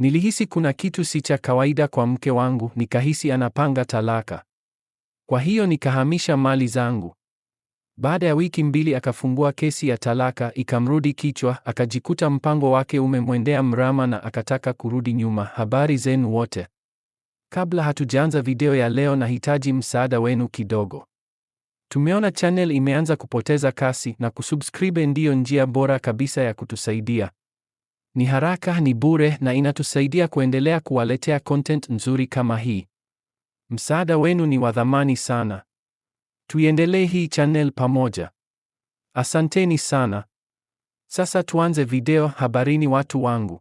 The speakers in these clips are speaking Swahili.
Nilihisi kuna kitu si cha kawaida kwa mke wangu, nikahisi anapanga talaka. Kwa hiyo nikahamisha mali zangu. Baada ya wiki mbili akafungua kesi ya talaka, ikamrudi kichwa, akajikuta mpango wake umemwendea mrama na akataka kurudi nyuma. Habari zenu wote. Kabla hatujaanza video ya leo, nahitaji msaada wenu kidogo. Tumeona channel imeanza kupoteza kasi na kusubscribe ndiyo njia bora kabisa ya kutusaidia. Ni haraka, ni bure na inatusaidia kuendelea kuwaletea content nzuri kama hii. Msaada wenu ni wa thamani sana. Tuiendelee hii channel pamoja. Asanteni sana. Sasa tuanze video. Habarini watu wangu.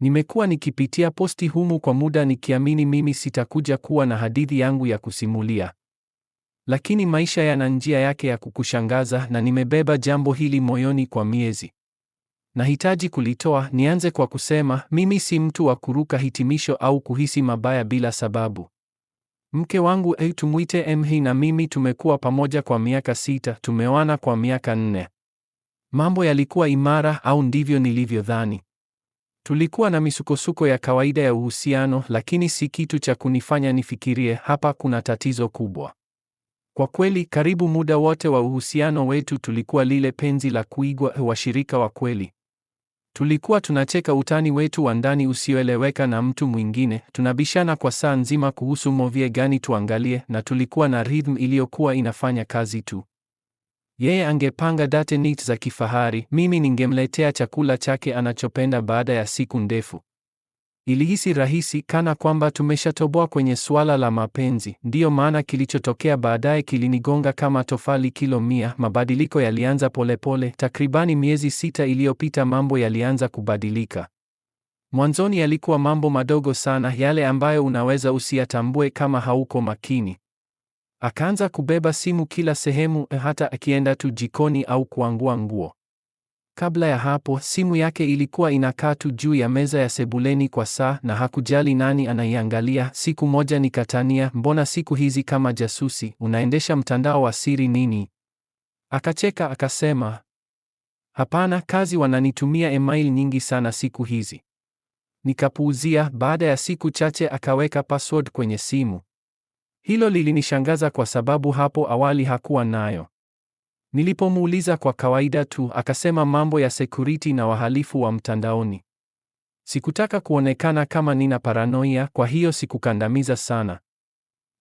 Nimekuwa nikipitia posti humu kwa muda nikiamini mimi sitakuja kuwa na hadithi yangu ya kusimulia. Lakini maisha yana njia yake ya kukushangaza na nimebeba jambo hili moyoni kwa miezi nahitaji kulitoa, nianze kwa kusema mimi si mtu wa kuruka hitimisho au kuhisi mabaya bila sababu. Mke wangu ei, tumwite Mh, na mimi tumekuwa pamoja kwa miaka sita, tumeoana kwa miaka nne. Mambo yalikuwa imara, au ndivyo nilivyodhani. Tulikuwa na misukosuko ya kawaida ya uhusiano, lakini si kitu cha kunifanya nifikirie hapa kuna tatizo kubwa. Kwa kweli, karibu muda wote wa uhusiano wetu tulikuwa lile penzi la kuigwa, eh, washirika wa kweli. Tulikuwa tunacheka utani wetu wa ndani usioeleweka na mtu mwingine, tunabishana kwa saa nzima kuhusu movie gani tuangalie, na tulikuwa na rhythm iliyokuwa inafanya kazi tu. Yeye angepanga date night za kifahari, mimi ningemletea chakula chake anachopenda baada ya siku ndefu. Ilihisi rahisi kana kwamba tumeshatoboa kwenye suala la mapenzi. Ndiyo maana kilichotokea baadaye kilinigonga kama tofali kilo mia. Mabadiliko yalianza polepole. Takribani miezi sita iliyopita, mambo yalianza kubadilika. Mwanzoni yalikuwa mambo madogo sana, yale ambayo unaweza usiyatambue kama hauko makini. Akaanza kubeba simu kila sehemu, hata akienda tu jikoni au kuangua nguo. Kabla ya hapo, simu yake ilikuwa inakaa tu juu ya meza ya sebuleni kwa saa na hakujali nani anaiangalia. Siku moja nikatania, mbona siku hizi kama jasusi, unaendesha mtandao wa siri nini? Akacheka akasema, hapana, kazi wananitumia email nyingi sana siku hizi. Nikapuuzia. Baada ya siku chache akaweka password kwenye simu. Hilo lilinishangaza kwa sababu hapo awali hakuwa nayo. Nilipomuuliza kwa kawaida tu, akasema mambo ya security na wahalifu wa mtandaoni. Sikutaka kuonekana kama nina paranoia, kwa hiyo sikukandamiza sana.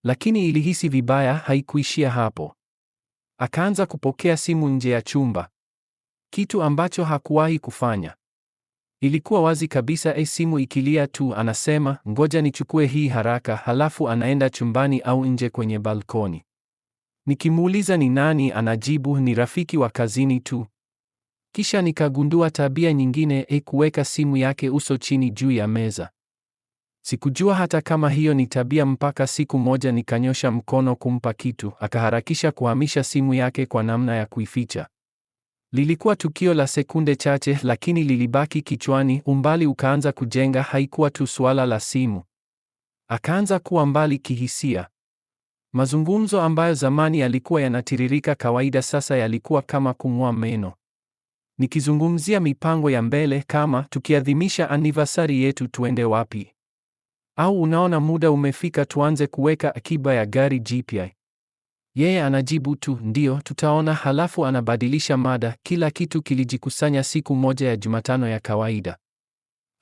Lakini ilihisi vibaya. Haikuishia hapo. Akaanza kupokea simu nje ya chumba, kitu ambacho hakuwahi kufanya. Ilikuwa wazi kabisa, e, simu ikilia tu anasema ngoja nichukue hii haraka, halafu anaenda chumbani au nje kwenye balkoni. Nikimuuliza ni nani, anajibu ni rafiki wa kazini tu. Kisha nikagundua tabia nyingine, e, kuweka simu yake uso chini juu ya meza. Sikujua hata kama hiyo ni tabia mpaka siku moja nikanyosha mkono kumpa kitu, akaharakisha kuhamisha simu yake kwa namna ya kuificha. Lilikuwa tukio la sekunde chache, lakini lilibaki kichwani, umbali ukaanza kujenga. Haikuwa tu suala la simu, akaanza kuwa mbali kihisia. Mazungumzo ambayo zamani yalikuwa yanatiririka kawaida sasa yalikuwa kama kung'oa meno. Nikizungumzia mipango ya mbele kama tukiadhimisha anniversary yetu tuende wapi? Au unaona muda umefika tuanze kuweka akiba ya gari jipya? Yeye anajibu tu ndio, tutaona, halafu anabadilisha mada. Kila kitu kilijikusanya siku moja ya Jumatano ya kawaida.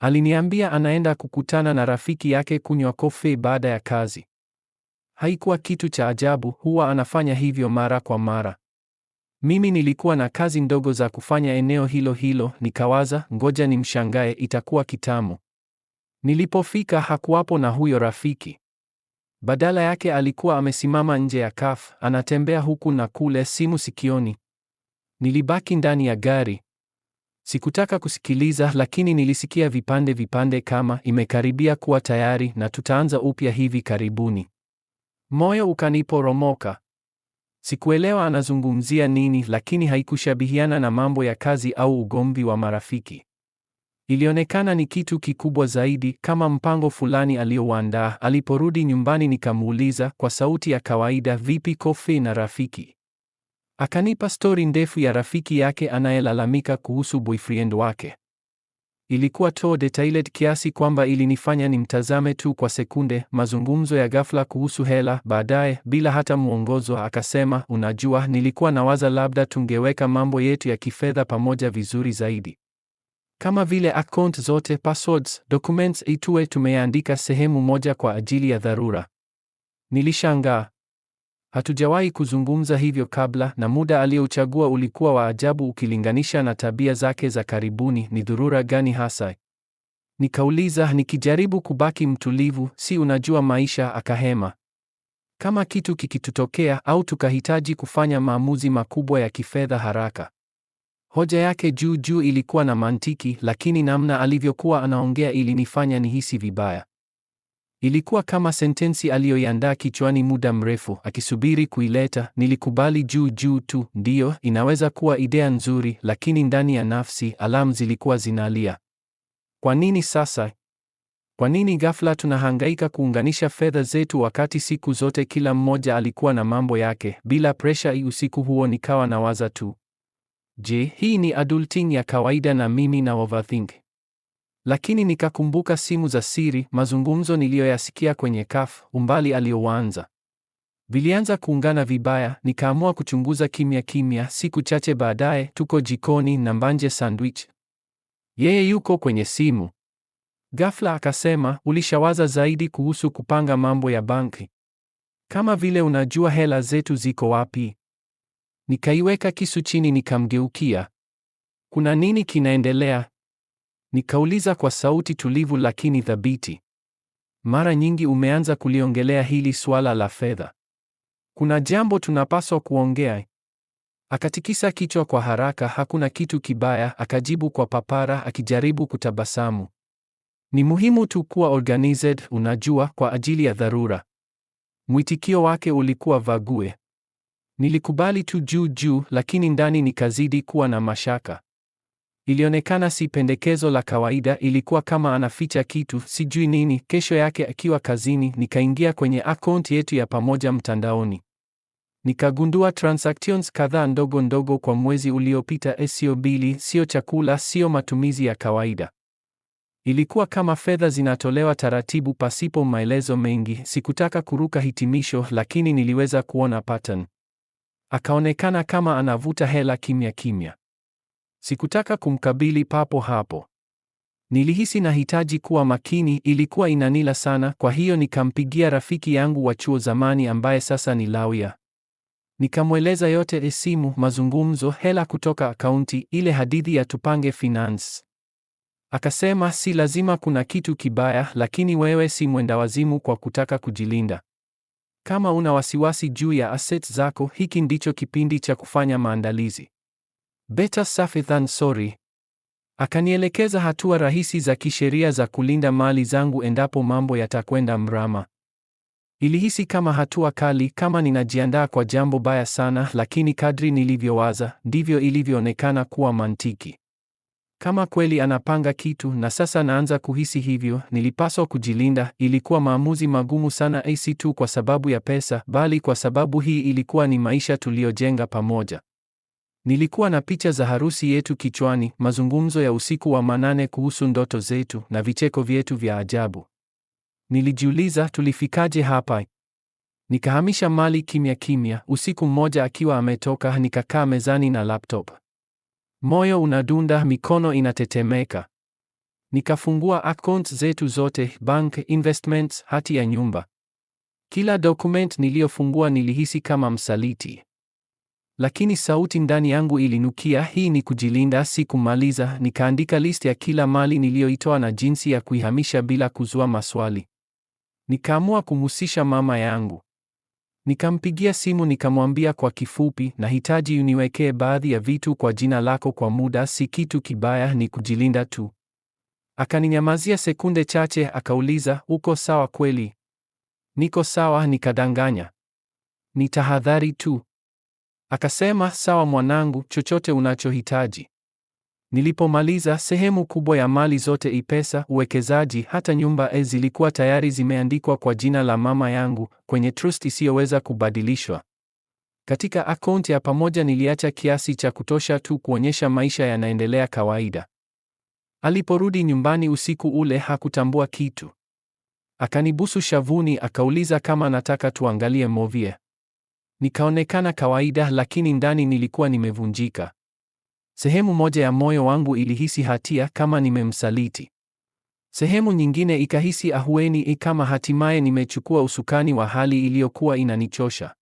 Aliniambia anaenda kukutana na rafiki yake kunywa kofi baada ya kazi. Haikuwa kitu cha ajabu, huwa anafanya hivyo mara kwa mara. Mimi nilikuwa na kazi ndogo za kufanya eneo hilo hilo, nikawaza ngoja nimshangae, itakuwa kitamu. Nilipofika hakuwapo na huyo rafiki. Badala yake alikuwa amesimama nje ya kaf, anatembea huku na kule, simu sikioni. Nilibaki ndani ya gari. Sikutaka kusikiliza, lakini nilisikia vipande vipande kama imekaribia kuwa tayari na tutaanza upya hivi karibuni. Moyo ukaniporomoka. Sikuelewa anazungumzia nini, lakini haikushabihiana na mambo ya kazi au ugomvi wa marafiki. Ilionekana ni kitu kikubwa zaidi, kama mpango fulani aliyouandaa Aliporudi nyumbani, nikamuuliza kwa sauti ya kawaida, vipi Kofi na rafiki? Akanipa stori ndefu ya rafiki yake anayelalamika kuhusu boyfriend wake. Ilikuwa to detailed kiasi kwamba ilinifanya nimtazame tu kwa sekunde, mazungumzo ya ghafla kuhusu hela. Baadaye, bila hata mwongozo, akasema, unajua, nilikuwa nawaza labda tungeweka mambo yetu ya kifedha pamoja vizuri zaidi, kama vile account zote, passwords, documents, ituwe tumeandika sehemu moja kwa ajili ya dharura. Nilishangaa, Hatujawahi kuzungumza hivyo kabla, na muda aliyouchagua ulikuwa wa ajabu ukilinganisha na tabia zake za karibuni. Ni dhurura gani hasa? Nikauliza nikijaribu kubaki mtulivu. Si unajua maisha, akahema. Kama kitu kikitutokea au tukahitaji kufanya maamuzi makubwa ya kifedha haraka. Hoja yake juu juu ilikuwa na mantiki, lakini namna alivyokuwa anaongea ilinifanya nihisi vibaya. Ilikuwa kama sentensi aliyoiandaa kichwani muda mrefu, akisubiri kuileta. Nilikubali juu juu tu. Ndiyo, inaweza kuwa idea nzuri, lakini ndani ya nafsi alamu zilikuwa zinalia. Kwa nini sasa? Kwa nini ghafla tunahangaika kuunganisha fedha zetu wakati siku zote kila mmoja alikuwa na mambo yake bila presha hii? Usiku huo nikawa nawaza tu, je, hii ni adulting ya kawaida na mimi na overthink? Lakini nikakumbuka simu za siri, mazungumzo niliyoyasikia kwenye kaf, umbali aliyoanza Vilianza kuungana vibaya, nikaamua kuchunguza kimya kimya. Siku chache baadaye, tuko jikoni na mbanje sandwich, yeye yuko kwenye simu. Ghafla akasema, ulishawaza zaidi kuhusu kupanga mambo ya banki? Kama vile unajua hela zetu ziko wapi? Nikaiweka kisu chini, nikamgeukia. Kuna nini kinaendelea? Nikauliza kwa sauti tulivu lakini thabiti. Mara nyingi umeanza kuliongelea hili suala la fedha. Kuna jambo tunapaswa kuongea? Akatikisa kichwa kwa haraka. Hakuna kitu kibaya, akajibu kwa papara, akijaribu kutabasamu. Ni muhimu tu kuwa organized, unajua, kwa ajili ya dharura. Mwitikio wake ulikuwa vague. Nilikubali tu juu juu, lakini ndani nikazidi kuwa na mashaka. Ilionekana si pendekezo la kawaida, ilikuwa kama anaficha kitu, sijui nini. Kesho yake akiwa kazini, nikaingia kwenye akaunti yetu ya pamoja mtandaoni, nikagundua transactions kadhaa ndogo ndogo kwa mwezi uliopita. Sio bili, sio chakula, sio matumizi ya kawaida. Ilikuwa kama fedha zinatolewa taratibu, pasipo maelezo mengi. Sikutaka kuruka hitimisho, lakini niliweza kuona pattern. Akaonekana kama anavuta hela kimya kimya. Sikutaka kumkabili papo hapo. Nilihisi nahitaji kuwa makini, ilikuwa inanila sana, kwa hiyo nikampigia rafiki yangu wa chuo zamani ambaye sasa ni lawyer. Nikamweleza yote: esimu, mazungumzo, hela kutoka akaunti, ile hadithi ya tupange finance. Akasema si lazima, kuna kitu kibaya, lakini wewe si mwendawazimu kwa kutaka kujilinda. Kama una wasiwasi juu ya assets zako, hiki ndicho kipindi cha kufanya maandalizi. Better safe than sorry. Akanielekeza hatua rahisi za kisheria za kulinda mali zangu endapo mambo yatakwenda mrama. Ilihisi kama hatua kali, kama ninajiandaa kwa jambo baya sana, lakini kadri nilivyowaza ndivyo ilivyoonekana kuwa mantiki. Kama kweli anapanga kitu na sasa naanza kuhisi hivyo, nilipaswa kujilinda. Ilikuwa maamuzi magumu sana, si tu kwa sababu ya pesa, bali kwa sababu hii ilikuwa ni maisha tuliyojenga pamoja. Nilikuwa na picha za harusi yetu kichwani, mazungumzo ya usiku wa manane kuhusu ndoto zetu na vicheko vyetu vya ajabu. Nilijiuliza, tulifikaje hapa? Nikahamisha mali kimya kimya. Usiku mmoja akiwa ametoka, nikakaa mezani na laptop, moyo unadunda, mikono inatetemeka. Nikafungua accounts zetu zote, bank, investments, hati ya nyumba. Kila document niliyofungua nilihisi kama msaliti. Lakini sauti ndani yangu ilinukia, hii ni kujilinda, si kumaliza. Nikaandika listi ya kila mali niliyoitoa na jinsi ya kuihamisha bila kuzua maswali. Nikaamua kumhusisha mama yangu. Nikampigia simu nikamwambia kwa kifupi, nahitaji uniwekee baadhi ya vitu kwa jina lako kwa muda, si kitu kibaya, ni kujilinda tu. Akaninyamazia sekunde chache, akauliza, uko sawa kweli? Niko sawa, nikadanganya. Ni tahadhari tu. Akasema, sawa mwanangu, chochote unachohitaji. Nilipomaliza, sehemu kubwa ya mali zote, ipesa, uwekezaji, hata nyumba e, zilikuwa tayari zimeandikwa kwa jina la mama yangu kwenye trust isiyoweza kubadilishwa. Katika akaunti ya pamoja niliacha kiasi cha kutosha tu kuonyesha maisha yanaendelea kawaida. Aliporudi nyumbani usiku ule hakutambua kitu. Akanibusu shavuni akauliza kama nataka tuangalie movie. Nikaonekana kawaida, lakini ndani nilikuwa nimevunjika. Sehemu moja ya moyo wangu ilihisi hatia kama nimemsaliti. Sehemu nyingine ikahisi ahueni kama hatimaye nimechukua usukani wa hali iliyokuwa inanichosha.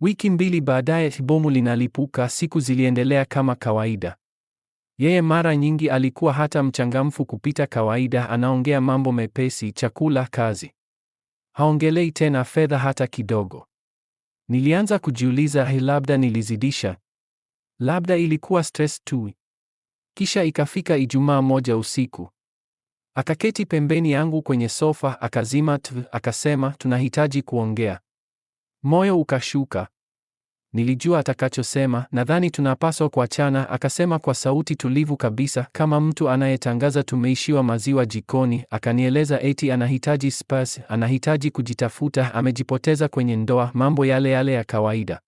Wiki mbili baadaye bomu linalipuka. Siku ziliendelea kama kawaida. Yeye mara nyingi alikuwa hata mchangamfu kupita kawaida, anaongea mambo mepesi, chakula, kazi. Haongelei tena fedha hata kidogo. Nilianza kujiuliza, he, labda nilizidisha, labda ilikuwa stress tu. Kisha ikafika Ijumaa moja usiku, akaketi pembeni yangu kwenye sofa, akazima TV, akasema tunahitaji kuongea. Moyo ukashuka. Nilijua atakachosema, nadhani tunapaswa kuachana, akasema kwa sauti tulivu kabisa, kama mtu anayetangaza tumeishiwa maziwa jikoni. Akanieleza eti anahitaji spas, anahitaji kujitafuta, amejipoteza kwenye ndoa, mambo yale yale ya kawaida.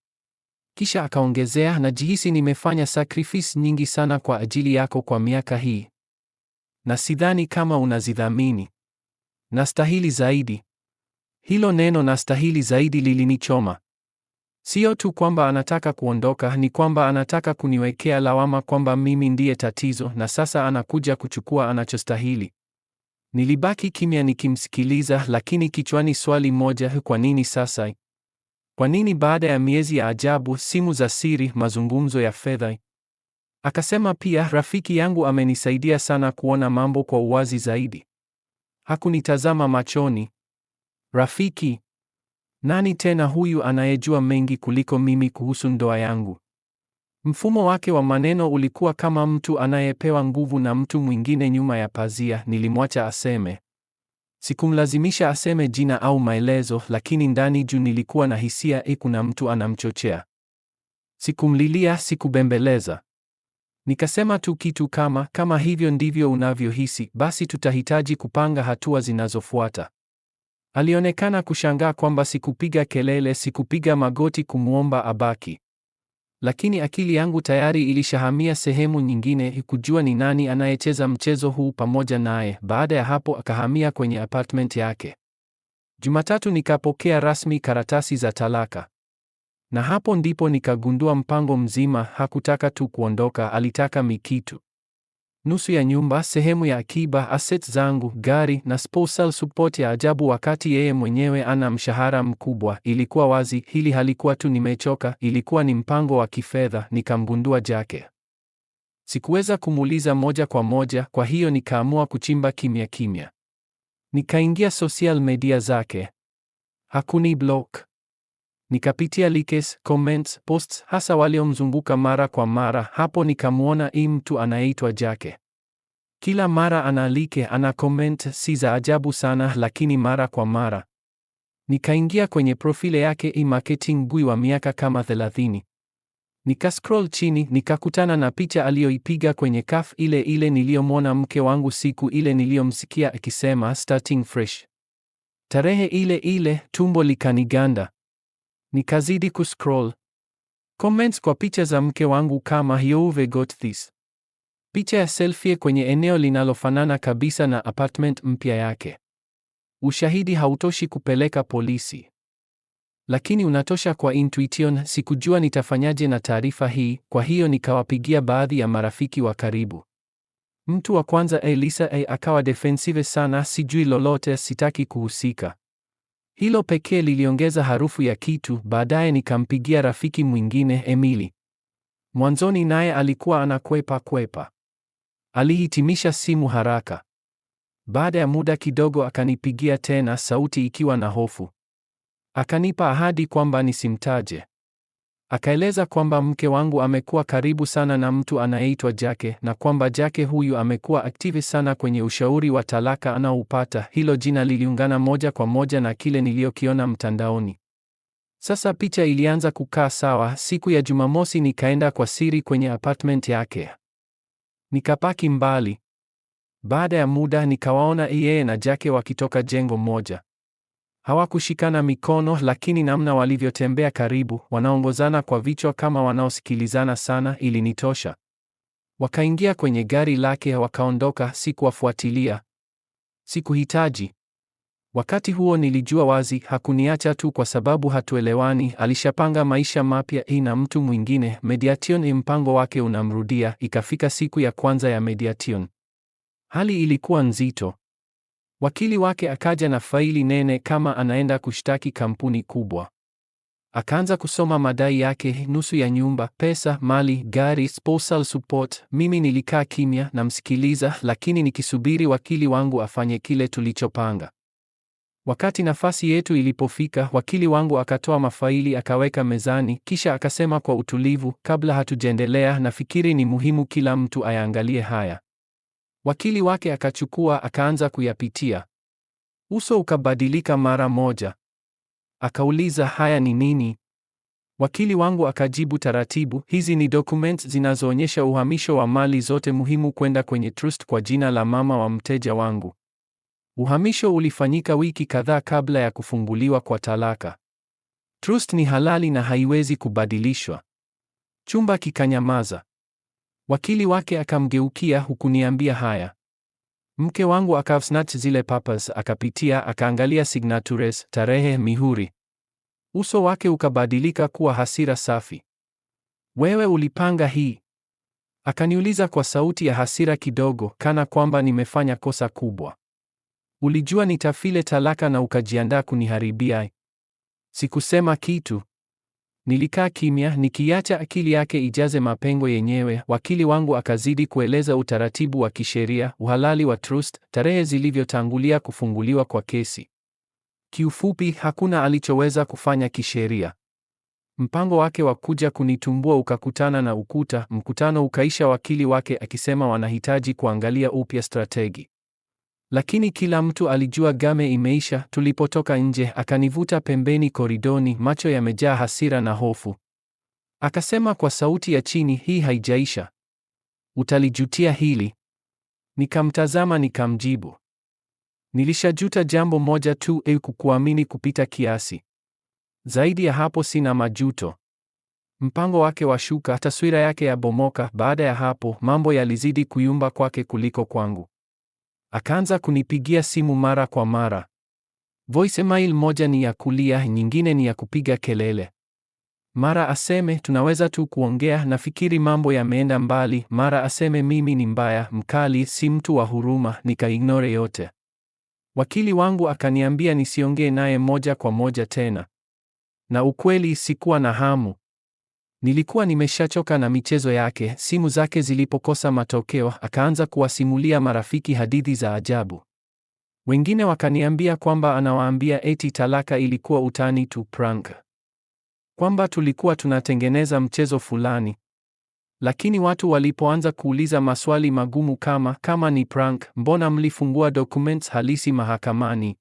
Kisha akaongezea, najihisi nimefanya sacrifice nyingi sana kwa ajili yako kwa miaka hii, na sidhani kama unazidhamini. Nastahili zaidi. Hilo neno nastahili zaidi lilinichoma. Sio tu kwamba anataka kuondoka, ni kwamba anataka kuniwekea lawama kwamba mimi ndiye tatizo, na sasa anakuja kuchukua anachostahili. Nilibaki kimya nikimsikiliza, lakini kichwani swali moja: kwa nini sasa? Kwa nini baada ya miezi ya ajabu, simu za siri, mazungumzo ya fedha? Akasema pia, rafiki yangu amenisaidia sana kuona mambo kwa uwazi zaidi. Hakunitazama machoni. Rafiki nani tena huyu anayejua mengi kuliko mimi kuhusu ndoa yangu? Mfumo wake wa maneno ulikuwa kama mtu anayepewa nguvu na mtu mwingine nyuma ya pazia. Nilimwacha aseme. Sikumlazimisha aseme jina au maelezo, lakini ndani juu nilikuwa na hisia e, kuna mtu anamchochea. Sikumlilia, sikubembeleza. Nikasema tu kitu kama, kama hivyo ndivyo unavyohisi, basi tutahitaji kupanga hatua zinazofuata. Alionekana kushangaa kwamba sikupiga kelele, sikupiga magoti kumwomba abaki, lakini akili yangu tayari ilishahamia sehemu nyingine, ikujua ni nani anayecheza mchezo huu pamoja naye. Baada ya hapo, akahamia kwenye apartment yake. Jumatatu nikapokea rasmi karatasi za talaka, na hapo ndipo nikagundua mpango mzima. Hakutaka tu kuondoka, alitaka mikitu nusu ya nyumba, sehemu ya akiba, assets zangu, gari na spousal support ya ajabu, wakati yeye mwenyewe ana mshahara mkubwa. Ilikuwa wazi hili halikuwa tu nimechoka, ilikuwa ni mpango wa kifedha, nikamgundua Jake. Sikuweza kumuuliza moja kwa moja, kwa hiyo nikaamua kuchimba kimya kimya. Nikaingia social media zake, hakuni block Nikapitia likes, comments, posts hasa waliomzunguka mara kwa mara. Hapo nikamwona i mtu anayeitwa Jake. Kila mara ana like, ana comment, si za ajabu sana, lakini mara kwa mara. Nikaingia kwenye profile yake imarketing marketing gui wa miaka kama 30. Nikascroll chini nikakutana na picha aliyoipiga kwenye kaf ile ile niliyomwona mke wangu siku ile niliyomsikia akisema starting fresh. Tarehe ile ile, tumbo likaniganda. Nikazidi kuscroll comments kwa picha za mke wangu kama you've got this. Picha ya selfie kwenye eneo linalofanana kabisa na apartment mpya yake. Ushahidi hautoshi kupeleka polisi, lakini unatosha kwa intuition. Sikujua nitafanyaje na taarifa hii, kwa hiyo nikawapigia baadhi ya marafiki wa karibu. Mtu wa kwanza Elisa, eh, akawa defensive sana, sijui lolote, sitaki kuhusika. Hilo pekee liliongeza harufu ya kitu. Baadaye nikampigia rafiki mwingine Emily. Mwanzoni naye alikuwa anakwepa kwepa, alihitimisha simu haraka. Baada ya muda kidogo, akanipigia tena, sauti ikiwa na hofu. Akanipa ahadi kwamba nisimtaje. Akaeleza kwamba mke wangu amekuwa karibu sana na mtu anayeitwa Jake na kwamba Jake huyu amekuwa aktivi sana kwenye ushauri wa talaka anaoupata. Hilo jina liliungana moja kwa moja na kile niliyokiona mtandaoni. Sasa picha ilianza kukaa sawa. Siku ya Jumamosi nikaenda kwa siri kwenye apartment yake, nikapaki mbali. Baada ya muda nikawaona yeye na Jake wakitoka jengo moja. Hawakushikana mikono, lakini namna walivyotembea karibu, wanaongozana kwa vichwa kama wanaosikilizana sana, ilinitosha. Wakaingia kwenye gari lake, wakaondoka. Sikuwafuatilia, sikuhitaji. Wakati huo nilijua wazi hakuniacha tu kwa sababu hatuelewani. Alishapanga maisha mapya na mtu mwingine. Mediation, mpango wake unamrudia. Ikafika siku ya kwanza ya mediation, hali ilikuwa nzito. Wakili wake akaja na faili nene kama anaenda kushtaki kampuni kubwa. Akaanza kusoma madai yake: nusu ya nyumba, pesa, mali, gari, spousal support. Mimi nilikaa kimya namsikiliza, lakini nikisubiri wakili wangu afanye kile tulichopanga. Wakati nafasi yetu ilipofika, wakili wangu akatoa mafaili akaweka mezani, kisha akasema kwa utulivu, kabla hatujaendelea, nafikiri ni muhimu kila mtu ayaangalie haya. Wakili wake akachukua akaanza kuyapitia. Uso ukabadilika mara moja. Akauliza, haya ni nini? Wakili wangu akajibu taratibu, hizi ni documents zinazoonyesha uhamisho wa mali zote muhimu kwenda kwenye trust kwa jina la mama wa mteja wangu. Uhamisho ulifanyika wiki kadhaa kabla ya kufunguliwa kwa talaka. Trust ni halali na haiwezi kubadilishwa. Chumba kikanyamaza. Wakili wake akamgeukia, hukuniambia haya? Mke wangu akasnatch zile papers, akapitia, akaangalia signatures, tarehe, mihuri. Uso wake ukabadilika kuwa hasira safi. Wewe ulipanga hii? Akaniuliza kwa sauti ya hasira kidogo, kana kwamba nimefanya kosa kubwa. Ulijua nitafile talaka na ukajiandaa kuniharibia? Sikusema kitu. Nilikaa kimya nikiacha akili yake ijaze mapengo yenyewe. Wakili wangu akazidi kueleza utaratibu wa kisheria, uhalali wa trust, tarehe zilivyotangulia kufunguliwa kwa kesi. Kiufupi, hakuna alichoweza kufanya kisheria. Mpango wake wa kuja kunitumbua ukakutana na ukuta. Mkutano ukaisha, wakili wake akisema wanahitaji kuangalia upya strategi. Lakini kila mtu alijua game imeisha. Tulipotoka nje, akanivuta pembeni koridoni, macho yamejaa hasira na hofu. Akasema kwa sauti ya chini, hii haijaisha, utalijutia hili. Nikamtazama nikamjibu, nilishajuta jambo moja tu, e, kukuamini kupita kiasi. Zaidi ya hapo sina majuto. Mpango wake washuka, taswira yake yabomoka. Baada ya hapo, mambo yalizidi kuyumba kwake kuliko kwangu. Akaanza kunipigia simu mara kwa mara. Voicemail moja ni ya kulia, nyingine ni ya kupiga kelele. Mara aseme tunaweza tu kuongea, nafikiri mambo yameenda mbali. Mara aseme mimi ni mbaya, mkali, si mtu wa huruma. Nikaignore yote. Wakili wangu akaniambia nisiongee naye moja kwa moja tena, na ukweli sikuwa na hamu. Nilikuwa nimeshachoka na michezo yake, simu zake zilipokosa matokeo, akaanza kuwasimulia marafiki hadithi za ajabu. Wengine wakaniambia kwamba anawaambia eti talaka ilikuwa utani tu, prank, kwamba tulikuwa tunatengeneza mchezo fulani. Lakini watu walipoanza kuuliza maswali magumu kama kama ni prank, mbona mlifungua documents halisi mahakamani?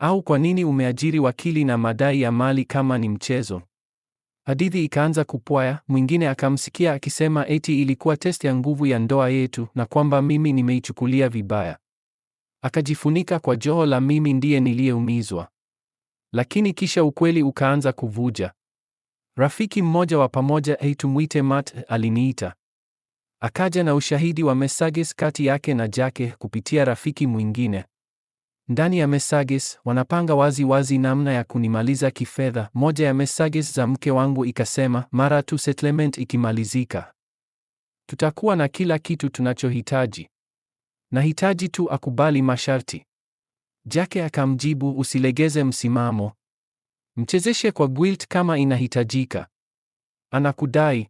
Au kwa nini umeajiri wakili na madai ya mali kama ni mchezo? Hadithi ikaanza kupwaya, mwingine akamsikia akisema eti ilikuwa test ya nguvu ya ndoa yetu na kwamba mimi nimeichukulia vibaya. Akajifunika kwa joho la mimi ndiye niliyeumizwa. Lakini kisha ukweli ukaanza kuvuja. Rafiki mmoja wa pamoja hey, tumwite Matt aliniita. Akaja na ushahidi wa messages kati yake na Jake kupitia rafiki mwingine. Ndani ya Messages wanapanga wazi wazi namna ya kunimaliza kifedha. Moja ya messages za mke wangu ikasema, mara tu settlement ikimalizika, tutakuwa na kila kitu tunachohitaji, nahitaji tu akubali masharti. Jake akamjibu, usilegeze msimamo, mchezeshe kwa guilt kama inahitajika. Anakudai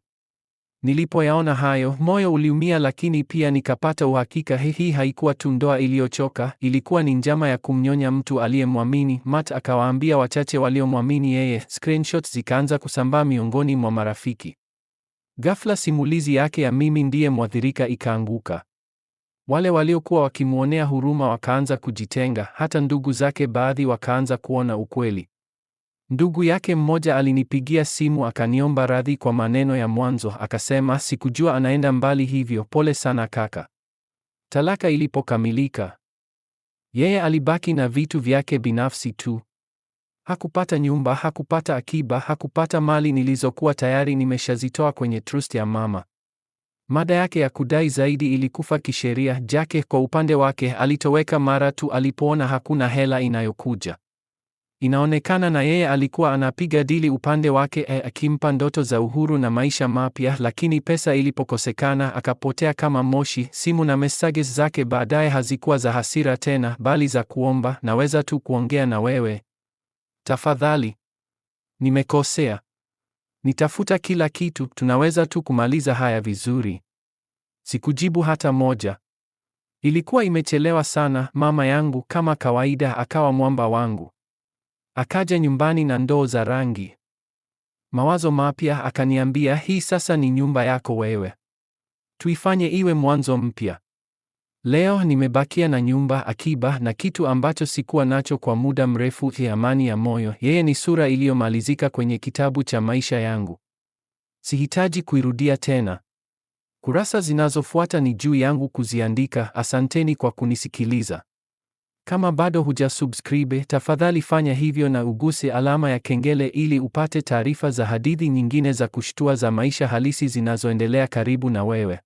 Nilipoyaona hayo, moyo uliumia, lakini pia nikapata uhakika, hii haikuwa tu ndoa iliyochoka, ilikuwa ni njama ya kumnyonya mtu aliyemwamini. Matt akawaambia wachache waliomwamini yeye. Screenshots zikaanza kusambaa miongoni mwa marafiki. Ghafla simulizi yake ya mimi ndiye mwathirika ikaanguka. Wale waliokuwa wakimwonea huruma wakaanza kujitenga, hata ndugu zake baadhi wakaanza kuona ukweli. Ndugu yake mmoja alinipigia simu akaniomba radhi kwa maneno ya mwanzo, akasema sikujua anaenda mbali hivyo, pole sana kaka. Talaka ilipokamilika, yeye alibaki na vitu vyake binafsi tu. Hakupata nyumba, hakupata akiba, hakupata mali nilizokuwa tayari nimeshazitoa kwenye trust ya mama. Mada yake ya kudai zaidi ilikufa kisheria. Jake kwa upande wake alitoweka mara tu alipoona hakuna hela inayokuja. Inaonekana na yeye alikuwa anapiga dili upande wake e, akimpa ndoto za uhuru na maisha mapya, lakini pesa ilipokosekana akapotea kama moshi. Simu na messages zake baadaye hazikuwa za hasira tena, bali za kuomba, naweza tu kuongea na wewe tafadhali, nimekosea, nitafuta kila kitu, tunaweza tu kumaliza haya vizuri. Sikujibu hata moja. Ilikuwa imechelewa sana. Mama yangu kama kawaida akawa mwamba wangu. Akaja nyumbani na ndoo za rangi, mawazo mapya. Akaniambia, hii sasa ni nyumba yako wewe, tuifanye iwe mwanzo mpya. Leo nimebakia na nyumba, akiba na kitu ambacho sikuwa nacho kwa muda mrefu, amani ya moyo. Yeye ni sura iliyomalizika kwenye kitabu cha maisha yangu. Sihitaji kuirudia tena. Kurasa zinazofuata ni juu yangu kuziandika. Asanteni kwa kunisikiliza. Kama bado hujasubscribe, tafadhali fanya hivyo na uguse alama ya kengele ili upate taarifa za hadithi nyingine za kushtua za maisha halisi zinazoendelea karibu na wewe.